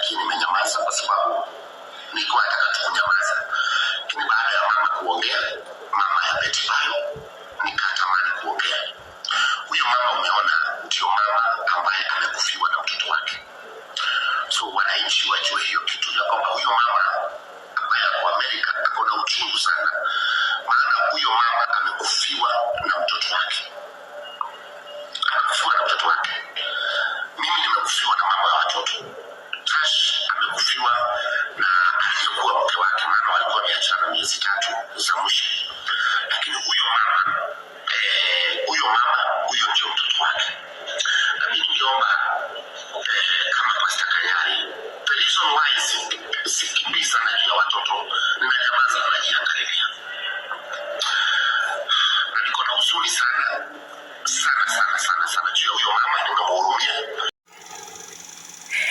lakini nimenyamaza kwa sababu nilikuwa nataka tu kunyamaza, lakini baada ya mama kuongea, mama ya betibayo Bayo, nikatamani kuongea. Huyo mama umeona, ndio mama ambaye amekufiwa na mtoto wake.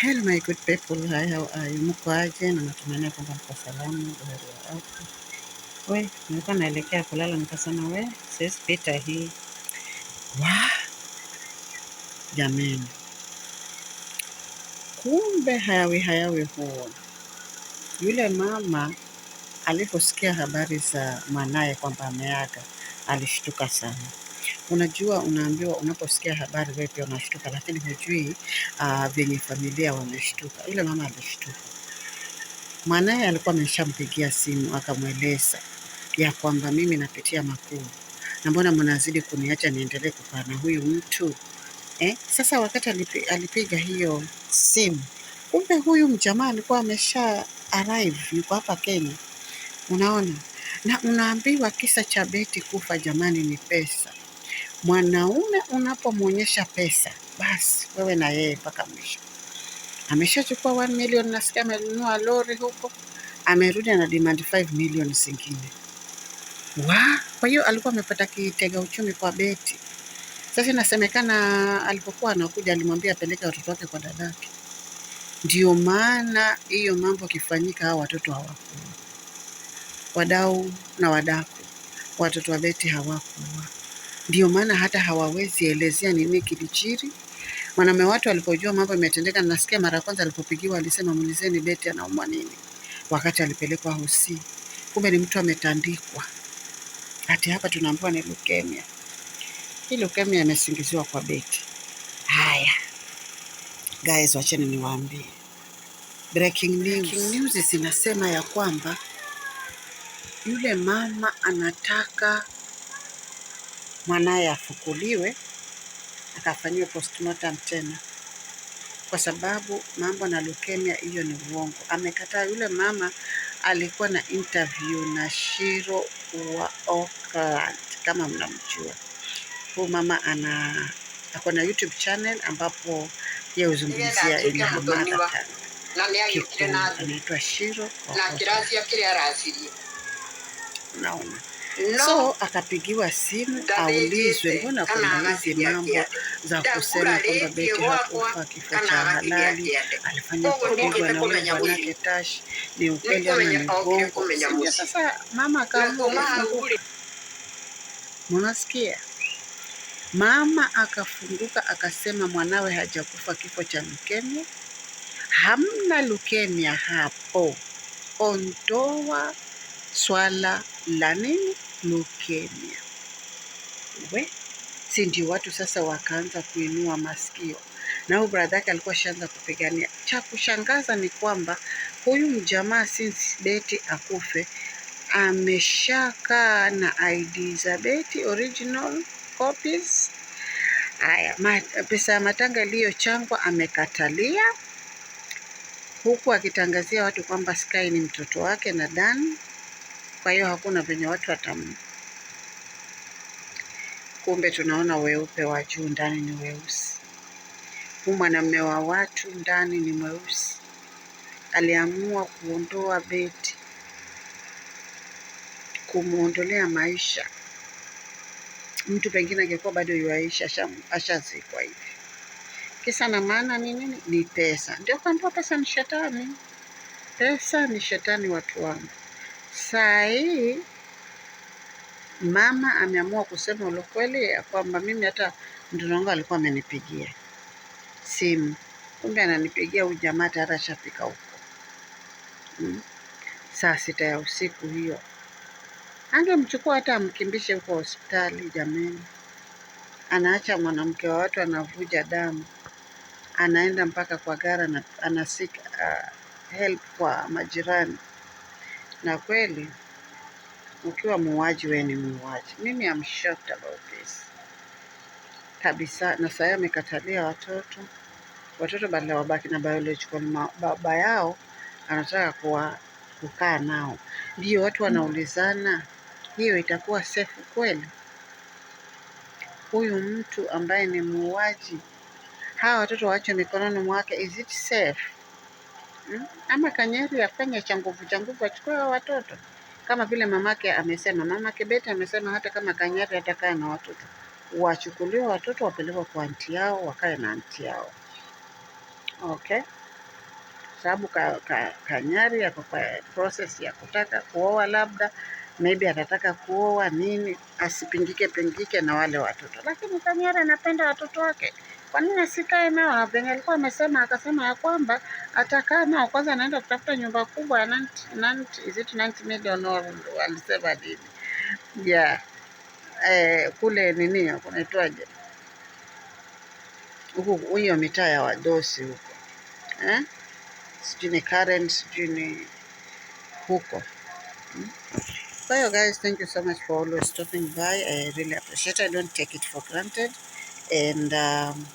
Hello my good people, hi how are uh, you? Mko aje? Na natumania kwamba mko salama buheri wa afya. We, nilikuwa naelekea kulala nikasema we, siwezi pita hii. Wa jamani, kumbe hayawi hayawi huo. Yule mama aliposikia habari za mwanaye kwamba ameaga alishtuka sana. Unajua, unaambiwa unaposikia habari wewe pia unashtuka, lakini hujui uh, venye familia wameshtuka. Yule mama alishtuka, mwanaye alikuwa ameshampigia simu akamweleza ya kwamba mimi napitia makuu na mbona mnazidi kuniacha niendelee kukaa na huyu mtu eh? Sasa wakati alipi, alipiga hiyo simu, kumbe huyu mjamaa alikuwa amesha arrive, yuko hapa Kenya, unaona na unaambiwa kisa cha Beti kufa jamani, ni pesa. Mwanaume unapomwonyesha pesa, basi wewe na yeye mpaka mwisho. Ameshachukua 1 million, nasikia amenunua lori huko, amerudi ana demand 5 million zingine. Wa, kwa hiyo alikuwa amepata kitega uchumi kwa Beti. Sasa inasemekana alipokuwa anakuja alimwambia apeleke watoto wake kwa dadake. Ndio maana hiyo mambo akifanyika hao watoto hawakuwa wadau na wadaku, watoto wa Beti hawakuwa ndio maana hata hawawezi elezea nini kilijiri. Mwanaume watu alipojua mambo imetendeka, nasikia mara kwanza alipopigiwa alisema muulizeni Beti anaumwa nini, wakati alipelekwa hosi, kumbe ni mtu ametandikwa. Hati hapa tunaambiwa ni leukemia. Hii leukemia imesingiziwa kwa beti Haya guys, wacheni niwaambie breaking news. Breaking news zinasema ya kwamba yule mama anataka mwanaye afukuliwe akafanyiwe postmortem tena, kwa sababu mambo na leukemia hiyo ni uongo. Amekataa. Yule mama alikuwa na interview na Shiro wa Oakland, kama mnamjua huyu mama ana ako na YouTube channel ambapo ye huzungumzia ile hamada anaitwa Shiro, naona so akapigiwa simu aulizwe, mbona kuna hizi mambo za kusema kwamba Beti hakufa kifo cha halali, alifanya kupigwa na ule mwanake Tashi, ni upenda na ni uongo. Sasa mama akaamua, mnasikia Mama akafunguka akasema mwanawe hajakufa kifo cha lukemia, hamna lukemia hapo, ondoa oh, swala la nini leukemia. We, si ndio watu sasa wakaanza kuinua masikio, na huyu yake alikuwa shaanza kupigania. Cha kushangaza ni kwamba huyu mjamaa since Beti akufe ameshakaa na ID za Beti original copies. Haya, pesa ya matanga iliyochangwa amekatalia, huku akitangazia watu kwamba Sky ni mtoto wake na Dan kwa hiyo hakuna venye watu watam. Kumbe tunaona weupe wa juu ndani ni weusi. Huu mwanamume wa watu ndani ni mweusi, aliamua kuondoa beti kumwondolea maisha. Mtu pengine angekuwa bado yuaisha ashazikwa hivi. Kisa na maana ni nini? Ni pesa. Ndio kaambua pesa ni shetani, pesa ni shetani, watu wangu. Saa hii mama ameamua kusema ule ya kwamba mimi hata mtoto wangu alikuwa amenipigia simu, kumbe ananipigia huyu jamaa hata hata shafika huko hmm. Saa sita ya usiku hiyo angemchukua hata amkimbishe huko hospitali. jamani anaacha mwanamke wa watu anavuja damu, anaenda mpaka kwa gara na anasika uh, help kwa majirani. Na kweli ukiwa muuaji, wewe ni muuaji. Mimi am shocked about this kabisa, na sasa amekatalia watoto watoto badala wabaki na biological baba yao, anataka kuwa kukaa nao. Ndio watu wanaulizana, hiyo itakuwa safe kweli? Huyu mtu ambaye ni muuaji, hawa watoto waachwe mikononi mwake, is it safe? Ama Kanyari afanye cha nguvu cha nguvu, achukue hao watoto kama vile mamake amesema, mamake Betty amesema hata kama Kanyari atakaa na watoto wachukuliwe watoto wapelekwe kwa anti yao wakae na anti yao, okay, sababu ka, ka, Kanyari yako kwa process ya kutaka kuoa, labda maybe atataka kuoa nini, asipingike pingike na wale watoto, lakini Kanyari anapenda watoto wake kwa nini asikae nao? Venye alikuwa amesema, akasema ya kwamba atakaa nao kwanza, anaenda kutafuta nyumba kubwa ya 90 million or alisema nini ya eh, kule nini kunaitwaje huku hiyo mitaa ya wadosi huko eh? sijui ni Karen sijui ni huko hmm? Kwa hiyo guys, thank you so much for always stopping by. I really appreciate it. I don't take it for granted. And um,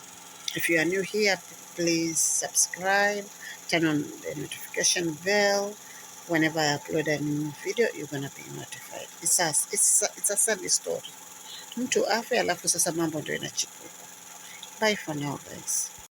If you are new here, please subscribe, turn on the notification bell. Whenever I upload a new video, you're gonna be notified. It's a, it's a, it's a sad story. Mtu afe alafu sasa mambo ndio inachipuka. Bye for now guys.